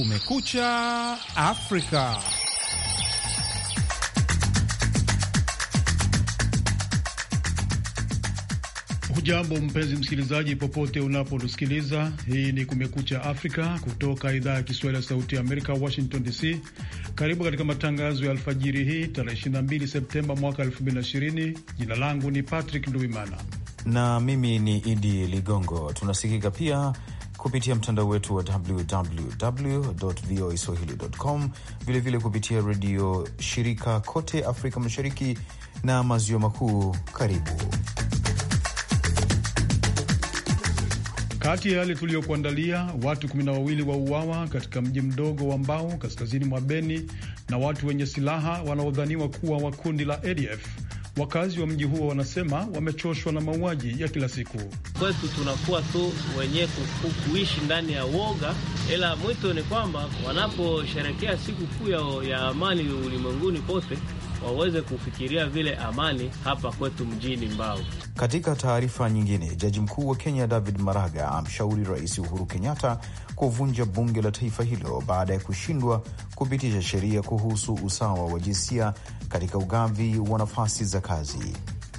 Kumekucha Afrika. Hujambo mpenzi msikilizaji, popote unapotusikiliza. Hii ni Kumekucha Afrika kutoka idhaa ya Kiswahili ya Sauti ya Amerika, Washington DC. Karibu katika matangazo ya alfajiri hii tarehe 22 Septemba mwaka 2020. Jina langu ni Patrick Nduimana na mimi ni Idi Ligongo. Tunasikika pia kupitia mtandao wetu wa www.voaswahili.com, vilevile kupitia redio shirika kote Afrika Mashariki na Maziwa Makuu. Karibu. Kati ya yale tuliyokuandalia, watu kumi na wawili wauawa katika mji mdogo wa Mbao kaskazini mwa Beni na watu wenye silaha wanaodhaniwa kuwa wa kundi la ADF Wakazi wa mji huo wanasema wamechoshwa na mauaji ya kila siku. Kwetu tunakuwa tu wenye kuishi ndani ya woga, ila mwito ni kwamba wanaposherekea siku kuu ya amani ulimwenguni pote waweze kufikiria vile amani hapa kwetu mjini Mbao. Katika taarifa nyingine, jaji mkuu wa Kenya David Maraga amshauri Rais Uhuru Kenyatta kuvunja bunge la taifa hilo baada ya kushindwa kupitisha sheria kuhusu usawa wa jinsia katika ugavi wa nafasi za kazi.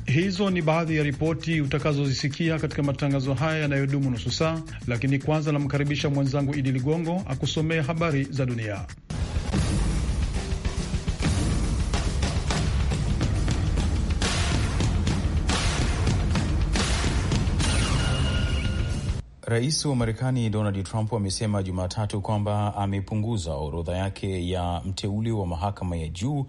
Hizo ni baadhi ya ripoti utakazozisikia katika matangazo haya yanayodumu nusu saa, lakini kwanza namkaribisha mwenzangu Idi Ligongo akusomee habari za dunia. Rais wa Marekani Donald Trump amesema Jumatatu kwamba amepunguza orodha yake ya mteule wa mahakama ya juu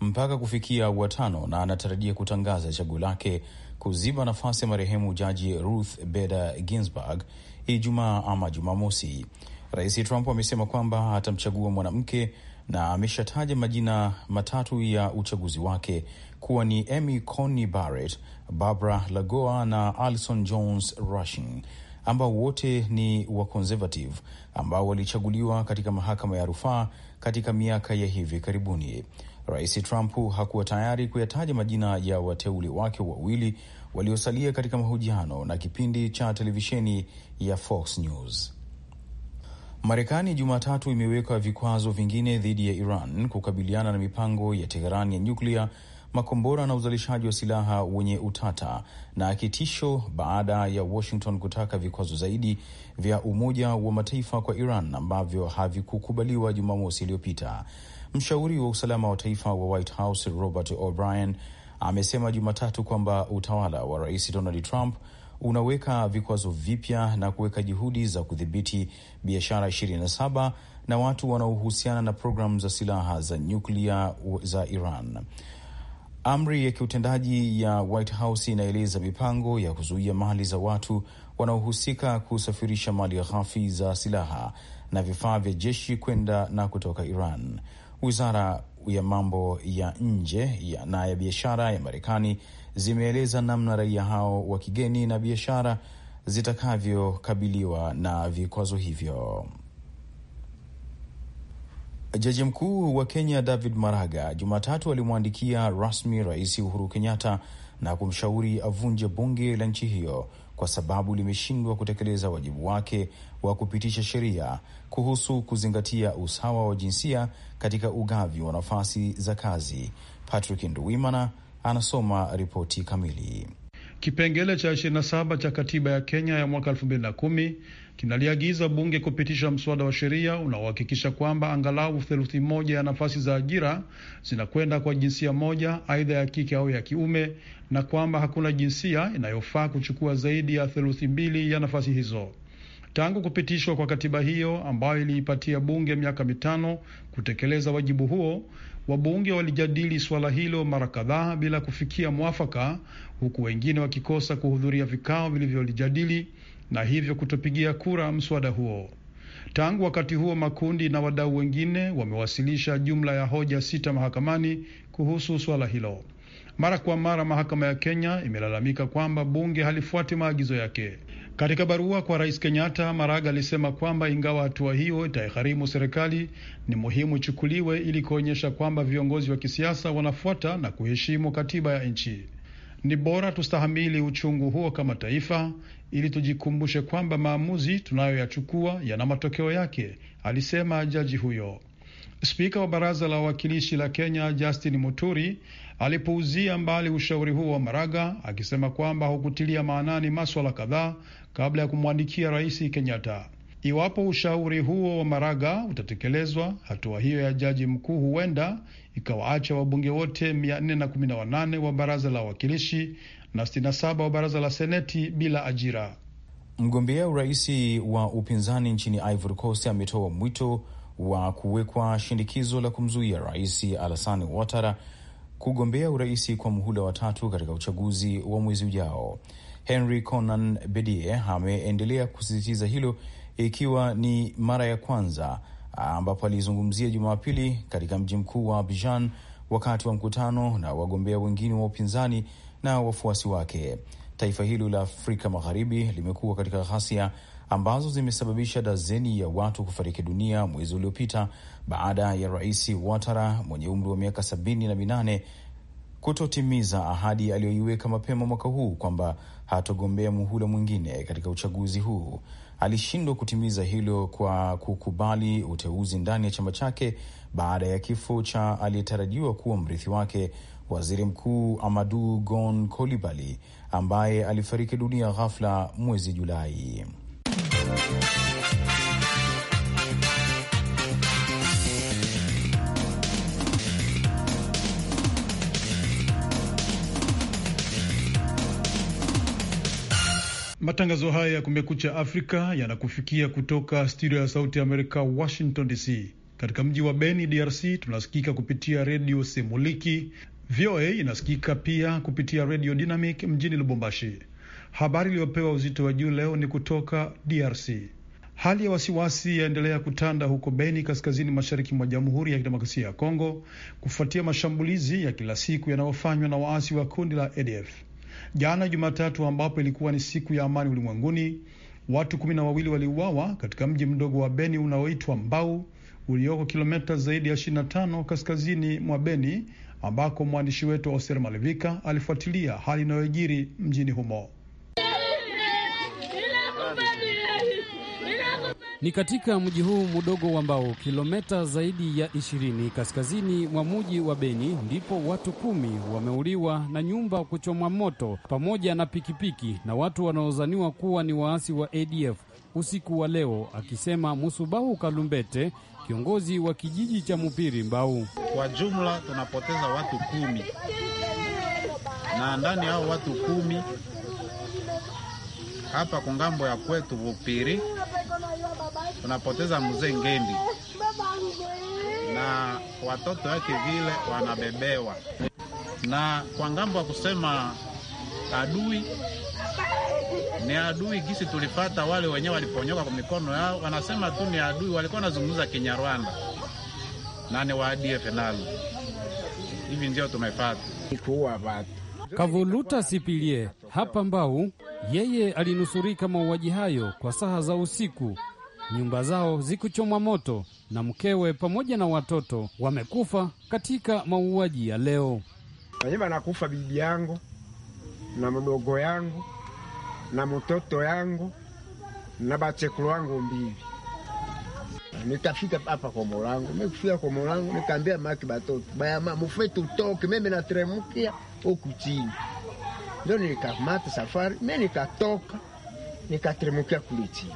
mpaka kufikia watano na anatarajia kutangaza chaguo lake kuziba nafasi ya marehemu jaji Ruth Bader Ginsburg Ijumaa ama Jumamosi. Rais Trump amesema kwamba atamchagua mwanamke na ameshataja majina matatu ya uchaguzi wake kuwa ni Amy Coney Barrett, Barbara Lagoa na Alison Jones Rushing ambao wote ni wa conservative ambao walichaguliwa katika mahakama ya rufaa katika miaka ya hivi karibuni. Rais Trump hakuwa tayari kuyataja majina ya wateule wake wawili waliosalia katika mahojiano na kipindi cha televisheni ya Fox News. Marekani Jumatatu imeweka vikwazo vingine dhidi ya Iran kukabiliana na mipango ya Teheran ya nyuklia makombora na uzalishaji wa silaha wenye utata na kitisho baada ya Washington kutaka vikwazo zaidi vya Umoja wa Mataifa kwa Iran ambavyo havikukubaliwa Jumamosi iliyopita. Mshauri wa usalama wa taifa wa White House Robert O'Brien amesema Jumatatu kwamba utawala wa Rais Donald Trump unaweka vikwazo vipya na kuweka juhudi za kudhibiti biashara 27 na watu wanaohusiana na programu za silaha za nyuklia za Iran. Amri ya kiutendaji ya White House inaeleza mipango ya kuzuia mali za watu wanaohusika kusafirisha mali ghafi za silaha na vifaa vya jeshi kwenda na kutoka Iran. Wizara ya mambo ya nje ya na ya biashara ya Marekani zimeeleza namna raia hao wa kigeni na biashara zitakavyokabiliwa na vikwazo hivyo. Jaji mkuu wa Kenya David Maraga Jumatatu alimwandikia rasmi Rais Uhuru Kenyatta na kumshauri avunje bunge la nchi hiyo kwa sababu limeshindwa kutekeleza wajibu wake wa kupitisha sheria kuhusu kuzingatia usawa wa jinsia katika ugavi wa nafasi za kazi. Patrick Nduwimana anasoma ripoti kamili. Kipengele cha 27 cha katiba ya Kenya ya mwaka kinaliagiza bunge kupitisha mswada wa sheria unaohakikisha kwamba angalau theluthi moja ya nafasi za ajira zinakwenda kwa jinsia moja, aidha ya kike au ya kiume, na kwamba hakuna jinsia inayofaa kuchukua zaidi ya theluthi mbili ya nafasi hizo. Tangu kupitishwa kwa katiba hiyo ambayo iliipatia bunge miaka mitano kutekeleza wajibu huo, wabunge walijadili suala hilo mara kadhaa bila kufikia mwafaka, huku wengine wakikosa kuhudhuria vikao vilivyolijadili na hivyo kutopigia kura mswada huo. Tangu wakati huo, makundi na wadau wengine wamewasilisha jumla ya hoja sita mahakamani kuhusu swala hilo. Mara kwa mara mahakama ya Kenya imelalamika kwamba bunge halifuati maagizo yake. Katika barua kwa Rais Kenyatta, Maraga alisema kwamba ingawa hatua hiyo itaigharimu serikali, ni muhimu ichukuliwe ili kuonyesha kwamba viongozi wa kisiasa wanafuata na kuheshimu katiba ya nchi. Ni bora tustahamili uchungu huo kama taifa ili tujikumbushe kwamba maamuzi tunayoyachukua yana matokeo yake, alisema jaji huyo. Spika wa baraza la wawakilishi la Kenya Justin Muturi alipuuzia mbali ushauri huo wa Maraga akisema kwamba hukutilia maanani maswala kadhaa kabla ya kumwandikia Rais Kenyatta. Iwapo ushauri huo wa Maraga utatekelezwa, hatua hiyo ya jaji mkuu huenda ikawaacha wabunge wote 418 wa baraza la wawakilishi na 67 wa baraza la seneti bila ajira. Mgombea urais wa upinzani nchini Ivory Coast ametoa mwito wa kuwekwa shinikizo la kumzuia Rais Alassane Ouattara kugombea urais kwa muhula wa tatu katika uchaguzi wa mwezi ujao. Henry Konan Bedie ameendelea kusisitiza hilo, ikiwa ni mara ya kwanza ambapo alizungumzia Jumapili katika mji mkuu wa Abidjan wakati wa mkutano na wagombea wengine wa upinzani na wafuasi wake. Taifa hilo la Afrika Magharibi limekuwa katika ghasia ambazo zimesababisha dazeni ya watu kufariki dunia mwezi uliopita baada ya Rais watara mwenye umri wa miaka sabini na minane kutotimiza ahadi aliyoiweka mapema mwaka huu kwamba hatogombea muhula mwingine katika uchaguzi huu alishindwa kutimiza hilo kwa kukubali uteuzi ndani ya chama chake baada ya kifo cha aliyetarajiwa kuwa mrithi wake, waziri mkuu Amadu Gon kolibali ambaye alifariki dunia ghafla mwezi Julai. Matangazo haya ya Kumekucha Afrika yanakufikia kutoka studio ya Sauti Amerika, Washington DC. Katika mji wa Beni, DRC, tunasikika kupitia redio Semuliki. VOA inasikika pia kupitia redio Dynamic mjini Lubumbashi. Habari iliyopewa uzito wa juu leo ni kutoka DRC. Hali ya wasiwasi yaendelea kutanda huko Beni, kaskazini mashariki mwa Jamhuri ya Kidemokrasia ya Kongo, kufuatia mashambulizi ya kila siku yanayofanywa na waasi wa kundi la ADF. Jana Jumatatu, ambapo ilikuwa ni siku ya amani ulimwenguni, watu kumi na wawili waliuawa katika mji mdogo wa Beni unaoitwa Mbau ulioko kilomita zaidi ya 25 kaskazini mwa Beni, ambako mwandishi wetu Oser Malevika alifuatilia hali inayojiri mjini humo. Ni katika mji huu mdogo wa mbao kilomita zaidi ya 20 kaskazini mwa mji wa Beni ndipo watu kumi wameuliwa na nyumba kuchomwa moto pamoja na pikipiki na watu wanaozaniwa kuwa ni waasi wa ADF usiku wa leo, akisema Musubahu Kalumbete, kiongozi wa kijiji cha Mupiri Mbau. Kwa jumla tunapoteza watu kumi na ndani hao watu kumi hapa kungambo ya kwetu Vupiri tunapoteza mzee Ngendi na watoto wake vile wanabebewa, na kwa ngambo ya kusema adui ni adui gisi tulifata wale wenyewe waliponyoka kwa mikono yao, wanasema tu ni adui, walikuwa wanazungumza Kinyarwanda na ni wa ADF nalo hivi ndio tumepata kuua watu. Kavuluta Sipilie hapa Mbau, yeye alinusurika mauaji hayo kwa saha za usiku nyumba zao zikuchomwa moto na mkewe pamoja na watoto wamekufa katika mauaji ya leo. Wenyewe nakufa bibi yangu na mdogo yangu na mtoto yangu na bachekulu wangu mbili. Nikafika hapa kwa molango, mikufika kwa molango, nikaambia maki batoto bayama mufeti utoke, mimi nateremukia huku chini, ndio nikamata safari, mi nikatoka nikateremukia kuli chini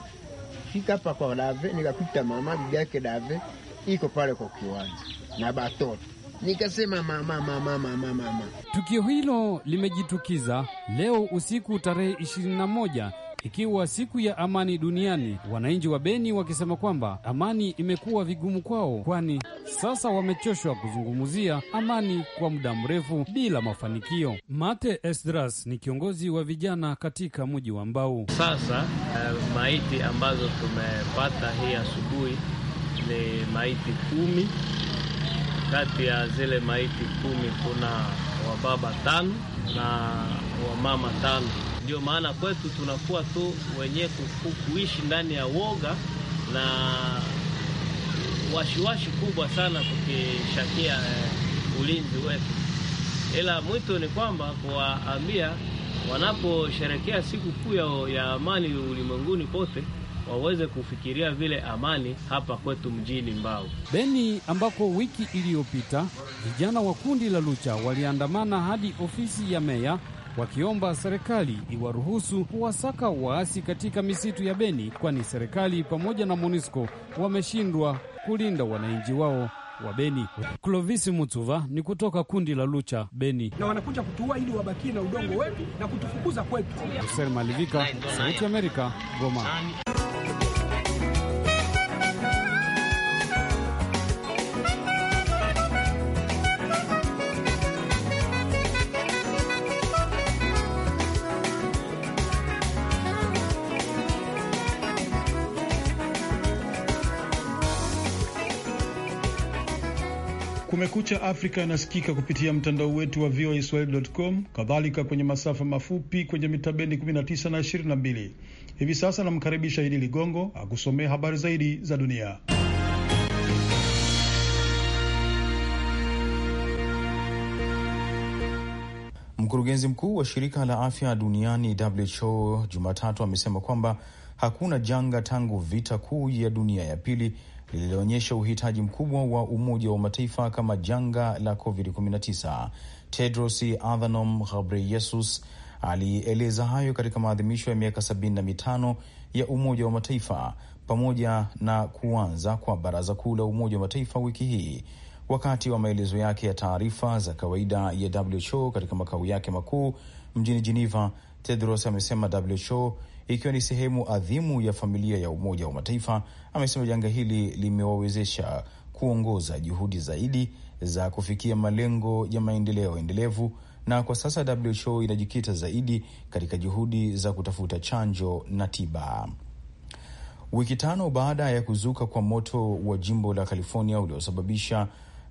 nikafika hapa kwa Dave nikakuta mama bibi yake Dave iko pale kwa kiwanja na batoto, nikasema mama, mama, mama, mama. Tukio hilo limejitukiza leo usiku tarehe 21 ikiwa siku ya amani duniani, wananchi wa Beni wakisema kwamba amani imekuwa vigumu kwao, kwani sasa wamechoshwa kuzungumzia amani kwa muda mrefu bila mafanikio. Mate Esdras ni kiongozi wa vijana katika mji wa Mbau. Sasa uh, maiti ambazo tumepata hii asubuhi ni maiti kumi. Kati ya zile maiti kumi kuna wababa tano na wamama tano ndio maana kwetu tunakuwa tu wenyewe kuishi ndani ya woga na washiwashi kubwa sana kukishakia eh, ulinzi wetu, ila mwito ni kwamba kuwaambia wanaposherekea siku kuu ya amani ulimwenguni pote waweze kufikiria vile amani hapa kwetu mjini mbao Beni, ambako wiki iliyopita vijana wa kundi la Lucha waliandamana hadi ofisi ya meya wakiomba serikali iwaruhusu kuwasaka waasi katika misitu ya Beni, kwani serikali pamoja na MONUSCO wameshindwa kulinda wananchi wao wa Beni. Clovis Mutuva ni kutoka kundi la Lucha Beni. Na wanakuja kutuua ili wabakie na udongo wetu na kutufukuza kwetu. Hussein Malivika, Sauti ya Amerika, Goma. Kumekucha Afrika inasikika kupitia mtandao wetu wa voaswahili.com, kadhalika kwenye masafa mafupi kwenye mitabendi 19 na 22. Hivi sasa namkaribisha Idi Ligongo akusomea habari zaidi za dunia. Mkurugenzi mkuu wa shirika la afya duniani WHO Jumatatu amesema kwamba hakuna janga tangu vita kuu ya dunia ya pili lililoonyesha uhitaji mkubwa wa Umoja wa Mataifa kama janga la COVID-19. Tedros Adhanom Ghebreyesus alieleza hayo katika maadhimisho ya miaka 75 ya Umoja wa Mataifa pamoja na kuanza kwa Baraza Kuu la Umoja wa Mataifa wiki hii. Wakati wa maelezo yake ya taarifa za kawaida ya WHO katika makao yake makuu mjini Geneva, Tedros amesema WHO ikiwa ni sehemu adhimu ya familia ya Umoja wa Mataifa, amesema janga hili limewawezesha kuongoza juhudi zaidi za kufikia malengo ya maendeleo endelevu, na kwa sasa WHO inajikita zaidi katika juhudi za kutafuta chanjo na tiba. Wiki tano baada ya kuzuka kwa moto wa jimbo la California uliosababisha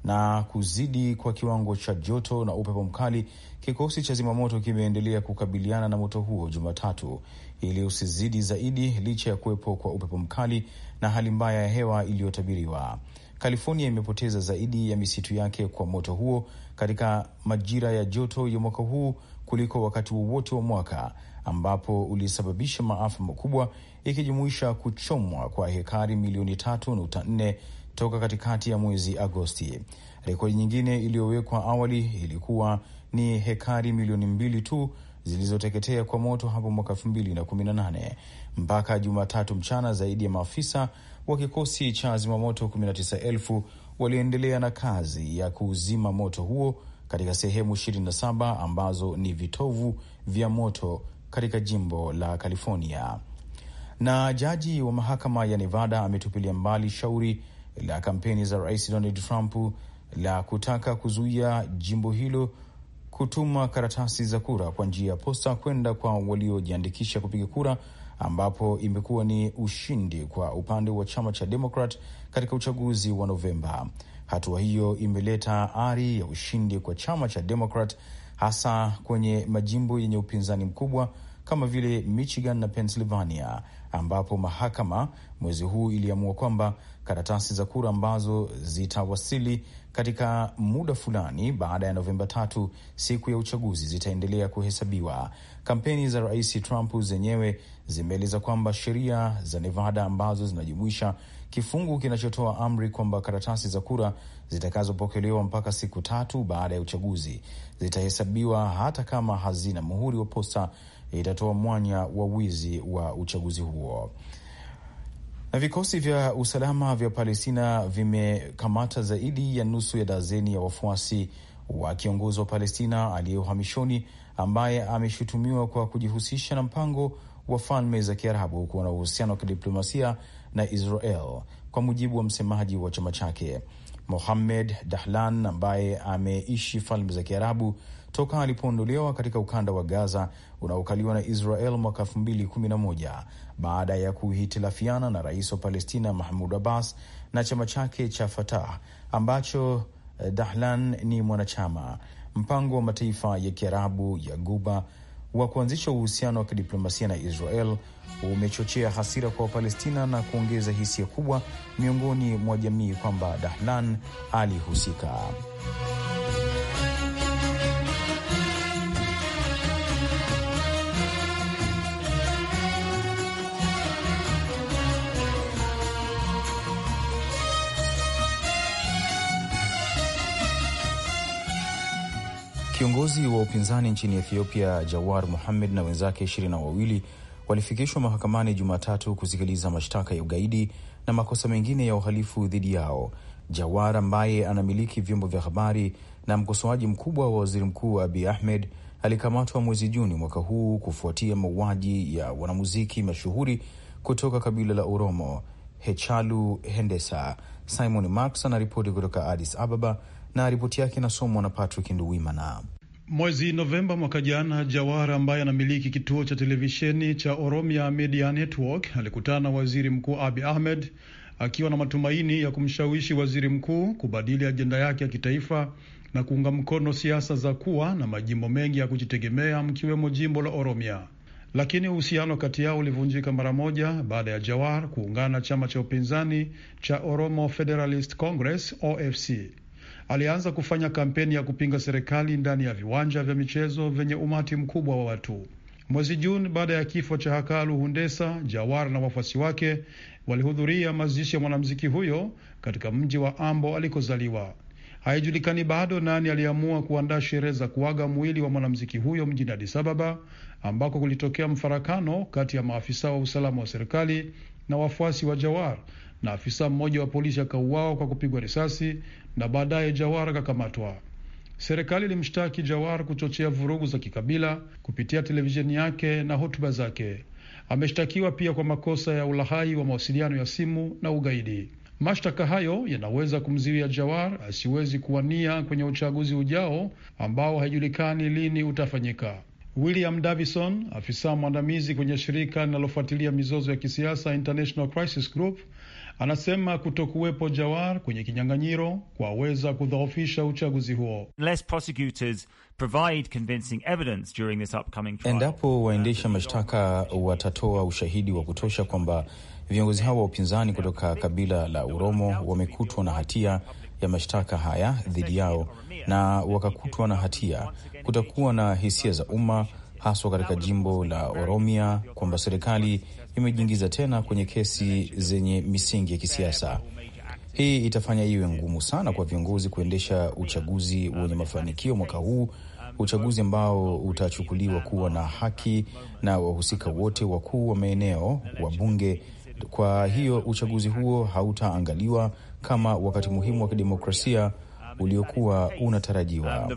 na kuzidi kwa kiwango cha joto na upepo mkali, kikosi cha zimamoto kimeendelea kukabiliana na moto huo Jumatatu ili usizidi zaidi, licha ya kuwepo kwa upepo mkali na hali mbaya ya hewa iliyotabiriwa. California imepoteza zaidi ya misitu yake kwa moto huo katika majira ya joto ya mwaka huu kuliko wakati wowote wa mwaka, ambapo ulisababisha maafa makubwa ikijumuisha kuchomwa kwa hekari milioni tatu nukta nne toka katikati ya mwezi Agosti. Rekodi nyingine iliyowekwa awali ilikuwa ni hekari milioni mbili tu zilizoteketea kwa moto hapo mwaka elfu mbili na kumi na nane. Mpaka Jumatatu mchana, zaidi ya maafisa wa kikosi cha zimamoto kumi na tisa elfu waliendelea na kazi ya kuzima moto huo katika sehemu 27 ambazo ni vitovu vya moto katika jimbo la California. Na jaji wa mahakama ya Nevada ametupilia mbali shauri la kampeni za Rais Donald Trump la kutaka kuzuia jimbo hilo kutuma karatasi za kura kwa njia ya posta kwenda kwa waliojiandikisha kupiga kura, ambapo imekuwa ni ushindi kwa upande wa chama cha Demokrat katika uchaguzi wa Novemba. Hatua hiyo imeleta ari ya ushindi kwa chama cha Demokrat hasa kwenye majimbo yenye upinzani mkubwa kama vile Michigan na Pennsylvania ambapo mahakama mwezi huu iliamua kwamba karatasi za kura ambazo zitawasili katika muda fulani baada ya Novemba tatu, siku ya uchaguzi, zitaendelea kuhesabiwa. Kampeni za Rais Trump zenyewe zimeeleza kwamba sheria za Nevada ambazo zinajumuisha kifungu kinachotoa amri kwamba karatasi za kura zitakazopokelewa mpaka siku tatu baada ya uchaguzi zitahesabiwa hata kama hazina muhuri wa posta, itatoa mwanya wa wizi wa uchaguzi huo. Na vikosi vya usalama vya Palestina vimekamata zaidi ya nusu ya dazeni ya wafuasi wa kiongozi wa Palestina aliye uhamishoni ambaye ameshutumiwa kwa kujihusisha na mpango wa Falme za Kiarabu kuwa na uhusiano wa kidiplomasia na Israel, kwa mujibu wa msemaji wa chama chake. Mohamed Dahlan ambaye ameishi Falme za Kiarabu toka alipoondolewa katika ukanda wa Gaza unaokaliwa na Israel mwaka moja baada ya kuhitilafiana na rais wa Palestina Mahmud Abbas na chama chake cha Fatah ambacho eh, Dahlan ni mwanachama. Mpango wa Mataifa ya Kiarabu ya Guba wa kuanzisha uhusiano wa kidiplomasia na Israel umechochea hasira kwa Wapalestina na kuongeza hisia kubwa miongoni mwa jamii kwamba Dahlan alihusika. Kiongozi wa upinzani nchini Ethiopia Jawar muhamed na wenzake ishirini na wawili walifikishwa mahakamani Jumatatu kusikiliza mashtaka ya ugaidi na makosa mengine ya uhalifu dhidi yao. Jawar ambaye anamiliki vyombo vya habari na mkosoaji mkubwa wa waziri mkuu Abi Ahmed alikamatwa mwezi Juni mwaka huu kufuatia mauaji ya wanamuziki mashuhuri kutoka kabila la Oromo Hechalu Hendesa. Simon Max anaripoti kutoka Addis Ababa na ripoti yake inasomwa na Patrick Nduwimana. Mwezi Novemba mwaka jana, Jawara ambaye anamiliki kituo cha televisheni cha Oromia Media Network alikutana na waziri mkuu Abi Ahmed akiwa na matumaini ya kumshawishi waziri mkuu kubadili ajenda yake ya kitaifa na kuunga mkono siasa za kuwa na majimbo mengi ya kujitegemea mkiwemo jimbo la Oromia. Lakini uhusiano kati yao ulivunjika mara moja baada ya Jawar kuungana na chama cha upinzani cha Oromo Federalist Congress OFC alianza kufanya kampeni ya kupinga serikali ndani ya viwanja vya michezo vyenye umati mkubwa wa watu. Mwezi Juni, baada ya kifo cha Hakalu Hundesa, Jawar na wafuasi wake walihudhuria mazishi ya mwanamuziki huyo katika mji wa Ambo alikozaliwa. Haijulikani bado nani aliamua kuandaa sherehe za kuaga mwili wa mwanamuziki huyo mjini Addis Ababa, ambako kulitokea mfarakano kati ya maafisa wa usalama wa serikali na wafuasi wa Jawar, na afisa mmoja wa polisi akauawa kwa kupigwa risasi na baadaye Jawar akakamatwa. Serikali ilimshtaki Jawar kuchochea vurugu za kikabila kupitia televisheni yake na hotuba zake. Ameshtakiwa pia kwa makosa ya ulahai wa mawasiliano ya simu na ugaidi. Mashtaka hayo yanaweza kumziwia Jawar asiwezi kuwania kwenye uchaguzi ujao ambao haijulikani lini utafanyika. William Davison, afisa mwandamizi kwenye shirika linalofuatilia mizozo ya kisiasa International Crisis Group, Anasema kutokuwepo Jawar kwenye kinyang'anyiro kwaweza kudhoofisha uchaguzi huo. Endapo waendesha mashtaka watatoa ushahidi wa kutosha kwamba viongozi hao wa upinzani kutoka kabila la Uromo wamekutwa na hatia ya mashtaka haya dhidi yao na wakakutwa na hatia, kutakuwa na hisia za umma haswa katika jimbo la Oromia kwamba serikali imejiingiza tena kwenye kesi zenye misingi ya kisiasa. Hii itafanya iwe ngumu sana kwa viongozi kuendesha uchaguzi wenye mafanikio mwaka huu, uchaguzi ambao utachukuliwa kuwa na haki na wahusika wote wakuu wa maeneo wa bunge. Kwa hiyo uchaguzi huo hautaangaliwa kama wakati muhimu wa kidemokrasia uliokuwa unatarajiwa.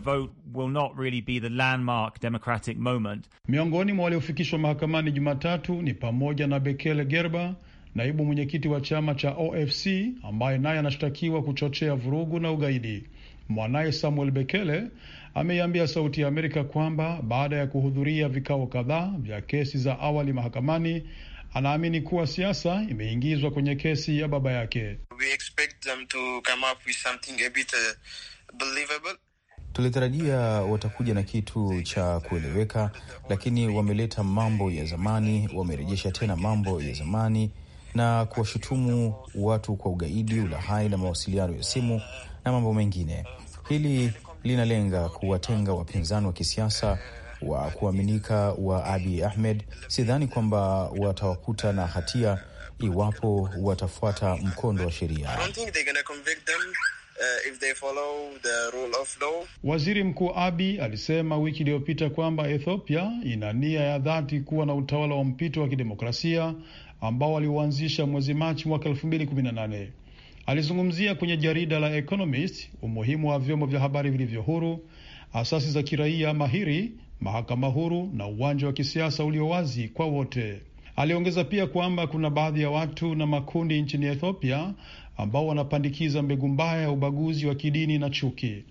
Um, Miongoni mwa waliofikishwa mahakamani Jumatatu ni pamoja na Bekele Gerba, naibu mwenyekiti wa chama cha OFC ambaye naye anashtakiwa kuchochea vurugu na ugaidi. Mwanaye Samuel Bekele ameiambia Sauti ya Amerika kwamba baada ya kuhudhuria vikao kadhaa vya kesi za awali mahakamani anaamini kuwa siasa imeingizwa kwenye kesi ya baba yake. Uh, Tulitarajia watakuja na kitu cha kueleweka, lakini wameleta mambo ya zamani, wamerejesha tena mambo ya zamani na kuwashutumu watu kwa ugaidi, ulahai na mawasiliano ya simu na mambo mengine. Hili linalenga kuwatenga wapinzani wa kisiasa wa kuaminika wa Abi Ahmed, sidhani kwamba watawakuta na hatia iwapo watafuata mkondo wa sheria. Uh, the rule of law. Waziri Mkuu Abi alisema wiki iliyopita kwamba Ethiopia ina nia ya dhati kuwa na utawala wa mpito wa kidemokrasia ambao aliuanzisha mwezi Machi mwaka 2018. Alizungumzia kwenye jarida la Economist umuhimu wa vyombo vya habari vilivyo huru, asasi za kiraia mahiri mahakama huru na uwanja wa kisiasa ulio wazi kwa wote. Aliongeza pia kwamba kuna baadhi ya watu na makundi nchini Ethiopia ambao wanapandikiza mbegu mbaya ya ubaguzi wa kidini na chuki.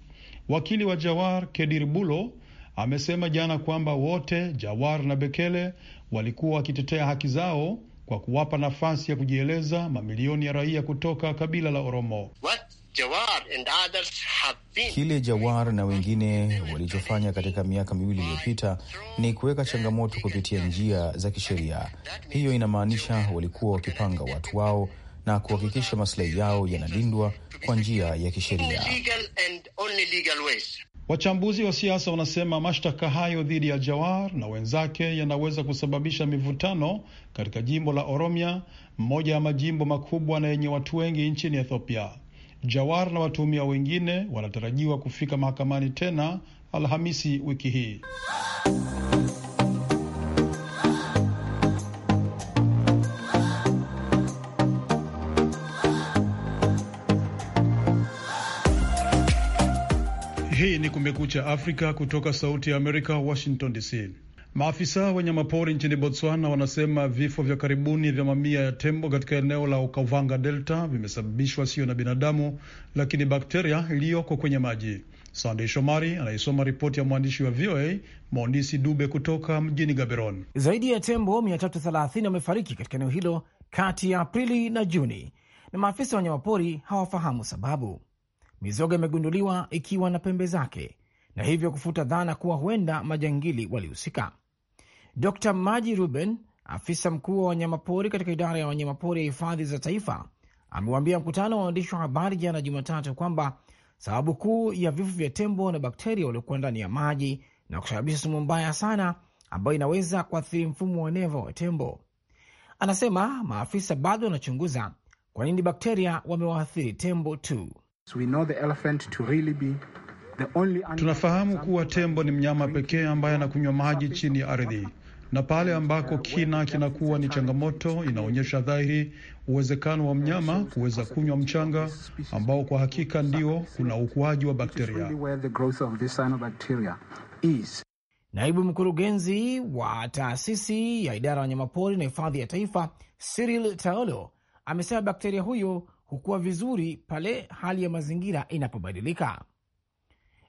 Wakili wa Jawar Kedir Bulo amesema jana kwamba wote Jawar na Bekele walikuwa wakitetea haki zao kwa kuwapa nafasi ya kujieleza mamilioni ya raia kutoka kabila la Oromo What? Jawar and others have been. Kile Jawar na wengine walichofanya katika miaka miwili iliyopita ni kuweka changamoto kupitia njia za kisheria. Hiyo inamaanisha walikuwa wakipanga watu wao na kuhakikisha maslahi yao yanalindwa kwa njia ya kisheria. Wachambuzi wa siasa wanasema mashtaka hayo dhidi ya Jawar na wenzake yanaweza kusababisha mivutano katika jimbo la Oromia, mmoja ya majimbo makubwa na yenye watu wengi nchini Ethiopia. Jawar na watuhumiwa wengine wanatarajiwa kufika mahakamani tena Alhamisi wiki hii. Hii ni Kumekucha Afrika kutoka Sauti ya Amerika, Washington DC. Maafisa wanyamapori nchini Botswana wanasema vifo vya karibuni vya mamia ya tembo katika eneo la Okavango Delta vimesababishwa sio na binadamu, lakini bakteria iliyoko kwenye maji. Sandey Shomari anaisoma ripoti ya mwandishi wa VOA mwandisi Dube kutoka mjini Gaborone. Zaidi ya tembo 330 wamefariki katika eneo hilo kati ya Aprili na Juni, na maafisa wa wanyamapori hawafahamu sababu. Mizoga imegunduliwa ikiwa na pembe zake, na hivyo kufuta dhana kuwa huenda majangili walihusika. Dr Maji Ruben, afisa mkuu wa wanyamapori katika idara ya wanyamapori ya hifadhi za taifa, amewaambia mkutano wa waandishi wa habari jana Jumatatu kwamba sababu kuu ya vifo vya tembo na bakteria waliokuwa ndani ya maji na kusababisha sumu mbaya sana ambayo inaweza kuathiri mfumo wa neva wa tembo. Anasema maafisa bado wanachunguza kwa nini bakteria wamewaathiri tembo tu. So we know the elephant to really be the only... Tunafahamu kuwa tembo ni mnyama pekee ambaye anakunywa maji chini ya ardhi na pale ambako kina kinakuwa ni changamoto, inaonyesha dhahiri uwezekano wa mnyama kuweza kunywa mchanga ambao kwa hakika ndio kuna ukuaji wa bakteria. Naibu mkurugenzi wa taasisi ya idara ya wanyamapori na hifadhi ya taifa Cyril Taolo amesema bakteria huyo hukua vizuri pale hali ya mazingira inapobadilika.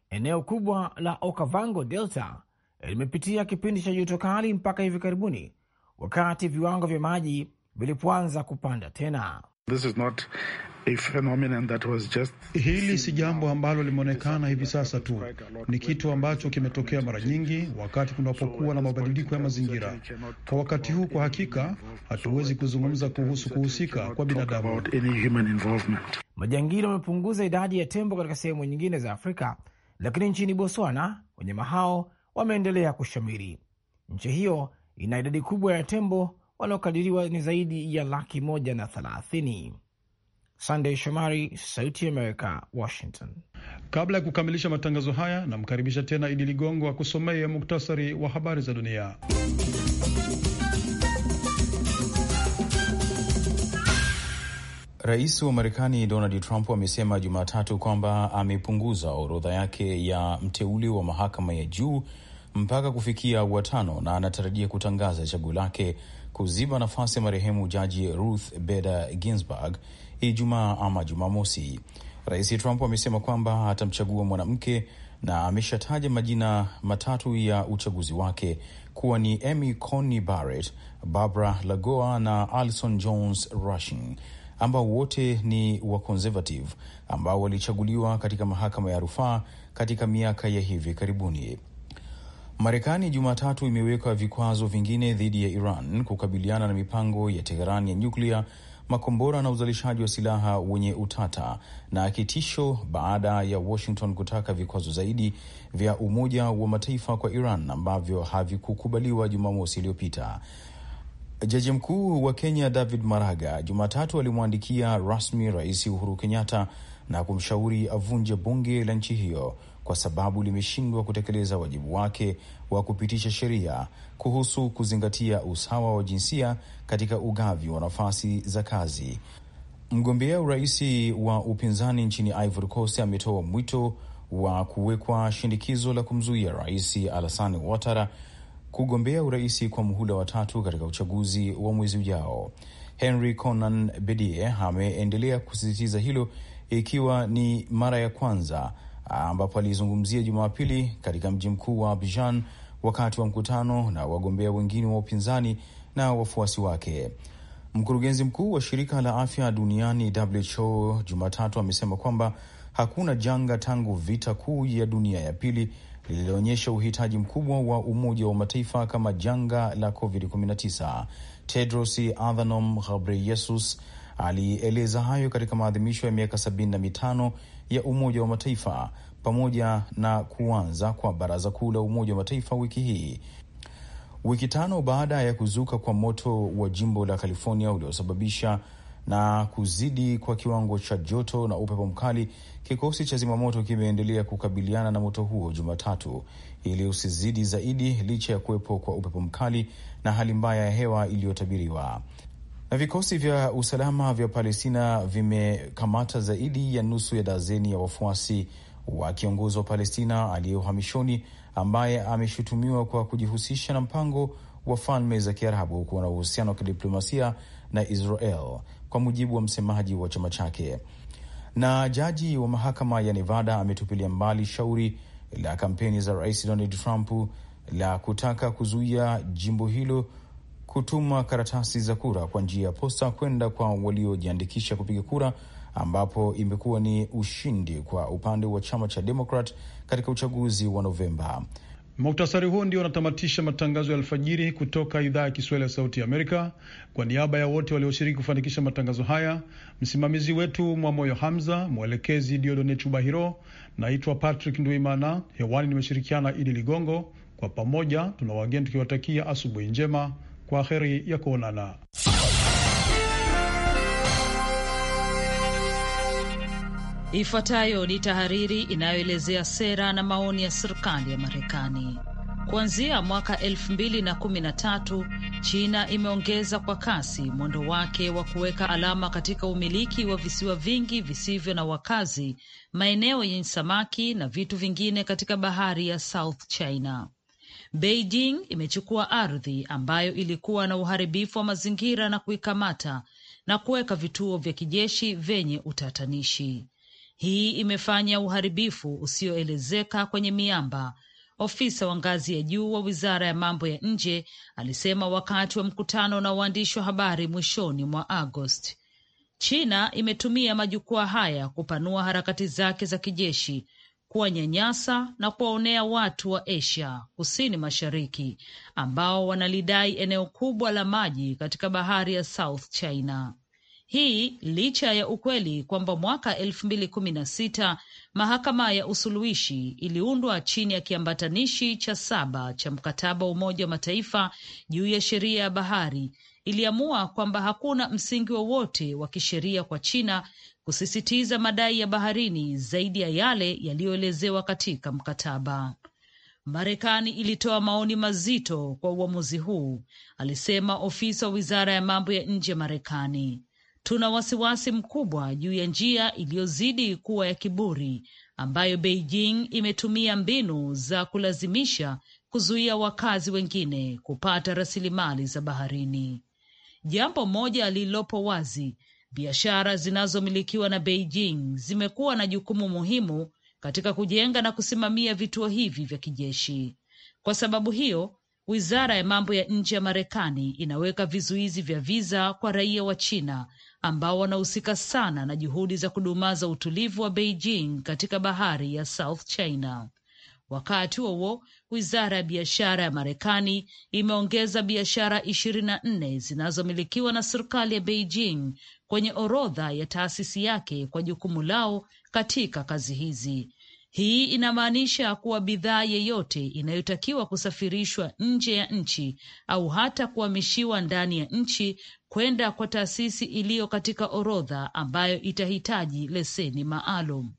Eneo kubwa la Okavango Delta limepitia kipindi cha joto kali mpaka hivi karibuni, wakati viwango vya maji vilipoanza kupanda tena. This is not a phenomenon that was just... hili si jambo ambalo limeonekana hivi sasa tu, ni kitu ambacho kimetokea mara nyingi wakati kunapokuwa na mabadiliko ya mazingira. Kwa wakati huu, kwa hakika hatuwezi kuzungumza kuhusu kuhusika kwa binadamu. Majangili wamepunguza idadi ya tembo katika sehemu nyingine za Afrika, lakini nchini Botswana wanyama hao wameendelea kushamiri. Nchi hiyo ina idadi kubwa ya tembo wanaokadiriwa ni zaidi ya laki moja na thelathini. Sandey Shomari, Sauti America, Washington. Kabla ya kukamilisha matangazo haya, namkaribisha tena Idi Ligongo akusomee muktasari wa habari za dunia. Rais wa Marekani Donald Trump amesema Jumatatu kwamba amepunguza orodha yake ya mteule wa mahakama ya juu mpaka kufikia watano na anatarajia kutangaza chaguo lake kuziba nafasi ya marehemu jaji Ruth Bader Ginsburg Ijumaa ama Jumamosi. Rais Trump amesema kwamba atamchagua mwanamke na ameshataja majina matatu ya uchaguzi wake kuwa ni Amy Coney Barrett, Barbara Lagoa na alison Jones Rushing ambao wote ni wa conservative ambao walichaguliwa katika mahakama ya rufaa katika miaka ya hivi karibuni. Marekani Jumatatu imeweka vikwazo vingine dhidi ya Iran kukabiliana na mipango ya Teheran ya nyuklia, makombora na uzalishaji wa silaha wenye utata na kitisho, baada ya Washington kutaka vikwazo zaidi vya Umoja wa Mataifa kwa Iran ambavyo havikukubaliwa Jumamosi iliyopita. Jaji mkuu wa Kenya David Maraga Jumatatu alimwandikia rasmi Rais Uhuru Kenyatta na kumshauri avunje bunge la nchi hiyo kwa sababu limeshindwa kutekeleza wajibu wake wa kupitisha sheria kuhusu kuzingatia usawa wa jinsia katika ugavi wa nafasi za kazi. Mgombea urais wa upinzani nchini Ivory Coast ametoa mwito wa kuwekwa shinikizo la kumzuia Rais Alassane Ouattara kugombea urais kwa muhula wa tatu katika uchaguzi wa mwezi ujao. Henry conan Bedie ameendelea kusisitiza hilo ikiwa ni mara ya kwanza ambapo alizungumzia Jumapili katika mji mkuu wa Abidjan wakati wa mkutano na wagombea wengine wa upinzani na wafuasi wake. Mkurugenzi mkuu wa shirika la afya duniani WHO Jumatatu amesema kwamba hakuna janga tangu vita kuu ya dunia ya pili lililoonyesha uhitaji mkubwa wa Umoja wa Mataifa kama janga la COVID-19. Tedros Adhanom Ghebreyesus alieleza hayo katika maadhimisho ya miaka 75 ya Umoja wa Mataifa pamoja na kuanza kwa Baraza Kuu la Umoja wa Mataifa wiki hii, wiki tano baada ya kuzuka kwa moto wa jimbo la California uliosababisha na kuzidi kwa kiwango cha joto na upepo mkali, kikosi cha zimamoto kimeendelea kukabiliana na moto huo Jumatatu ili usizidi zaidi, licha ya kuwepo kwa upepo mkali na hali mbaya ya hewa iliyotabiriwa. Na vikosi vya usalama vya Palestina vimekamata zaidi ya nusu ya dazeni ya wafuasi wa kiongozi wa Palestina aliye uhamishoni ambaye ameshutumiwa kwa kujihusisha na mpango wa Falme za Kiarabu kuwa na uhusiano wa kidiplomasia na Israel kwa mujibu wa msemaji wa chama chake. Na jaji wa mahakama ya Nevada ametupilia mbali shauri la kampeni za Rais Donald Trump la kutaka kuzuia jimbo hilo kutuma karatasi za kura kwa njia ya posta kwenda kwa waliojiandikisha kupiga kura, ambapo imekuwa ni ushindi kwa upande wa chama cha Demokrat katika uchaguzi wa Novemba. Muktasari huu ndio unatamatisha matangazo ya alfajiri kutoka idhaa ya Kiswahili ya Sauti ya Amerika. Kwa niaba ya wote walioshiriki kufanikisha matangazo haya, msimamizi wetu Mwamoyo Hamza, mwelekezi Diodone Chubahiro, naitwa Patrick nduimana Hewani nimeshirikiana Idi Ligongo. Kwa pamoja tuna wageni tukiwatakia asubuhi njema, kwa heri ya kuonana. Ifuatayo ni tahariri inayoelezea sera na maoni ya serikali ya Marekani. Kuanzia mwaka 2013 China imeongeza kwa kasi mwendo wake wa kuweka alama katika umiliki wa visiwa vingi visivyo na wakazi, maeneo yenye samaki na vitu vingine katika bahari ya South China. Beijing imechukua ardhi ambayo ilikuwa na uharibifu wa mazingira na kuikamata na kuweka vituo vya kijeshi vyenye utatanishi. Hii imefanya uharibifu usioelezeka kwenye miamba, ofisa wa ngazi ya juu wa wizara ya mambo ya nje alisema wakati wa mkutano na waandishi wa habari mwishoni mwa Agosti. China imetumia majukwaa haya kupanua harakati zake za kijeshi kuwanyanyasa na kuwaonea watu wa Asia kusini mashariki ambao wanalidai eneo kubwa la maji katika bahari ya South China. Hii licha ya ukweli kwamba mwaka elfu mbili kumi na sita mahakama ya usuluhishi iliundwa chini ya kiambatanishi cha saba cha mkataba wa Umoja wa Mataifa juu ya sheria ya bahari iliamua kwamba hakuna msingi wowote wa, wa kisheria kwa China kusisitiza madai ya baharini zaidi ya yale yaliyoelezewa katika mkataba. Marekani ilitoa maoni mazito kwa uamuzi huu, alisema ofisa wa wizara ya mambo ya nje ya Marekani tuna wasiwasi mkubwa juu ya njia iliyozidi kuwa ya kiburi ambayo Beijing imetumia mbinu za kulazimisha kuzuia wakazi wengine kupata rasilimali za baharini. Jambo moja lililopo wazi, biashara zinazomilikiwa na Beijing zimekuwa na jukumu muhimu katika kujenga na kusimamia vituo hivi vya kijeshi. Kwa sababu hiyo, wizara ya mambo ya nje ya Marekani inaweka vizuizi vya viza kwa raia wa China ambao wanahusika sana na juhudi za kudumaza utulivu wa Beijing katika bahari ya South China. Wakati huo wizara ya biashara ya Marekani imeongeza biashara ishirini na nne zinazomilikiwa na serikali ya Beijing kwenye orodha ya taasisi yake kwa jukumu lao katika kazi hizi. Hii inamaanisha kuwa bidhaa yeyote inayotakiwa kusafirishwa nje ya nchi au hata kuhamishiwa ndani ya nchi kwenda kwa taasisi iliyo katika orodha ambayo itahitaji leseni maalum.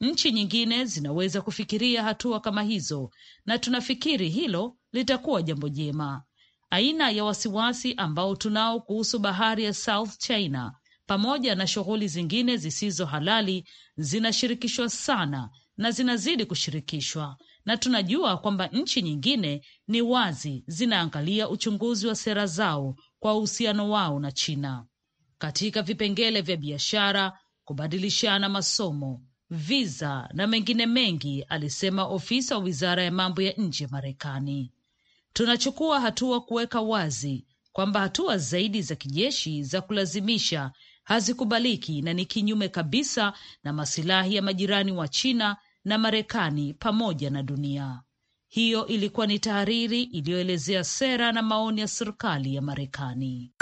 Nchi nyingine zinaweza kufikiria hatua kama hizo, na tunafikiri hilo litakuwa jambo jema. Aina ya wasiwasi ambao tunao kuhusu bahari ya South China pamoja na shughuli zingine zisizo halali zinashirikishwa sana na zinazidi kushirikishwa na tunajua kwamba nchi nyingine ni wazi zinaangalia uchunguzi wa sera zao kwa uhusiano wao na China katika vipengele vya biashara, kubadilishana masomo, viza na mengine mengi, alisema ofisa wa wizara ya mambo ya nje ya Marekani. Tunachukua hatua kuweka wazi kwamba hatua zaidi za kijeshi za kulazimisha hazikubaliki na ni kinyume kabisa na masilahi ya majirani wa China na Marekani pamoja na dunia. Hiyo ilikuwa ni tahariri iliyoelezea sera na maoni ya serikali ya Marekani.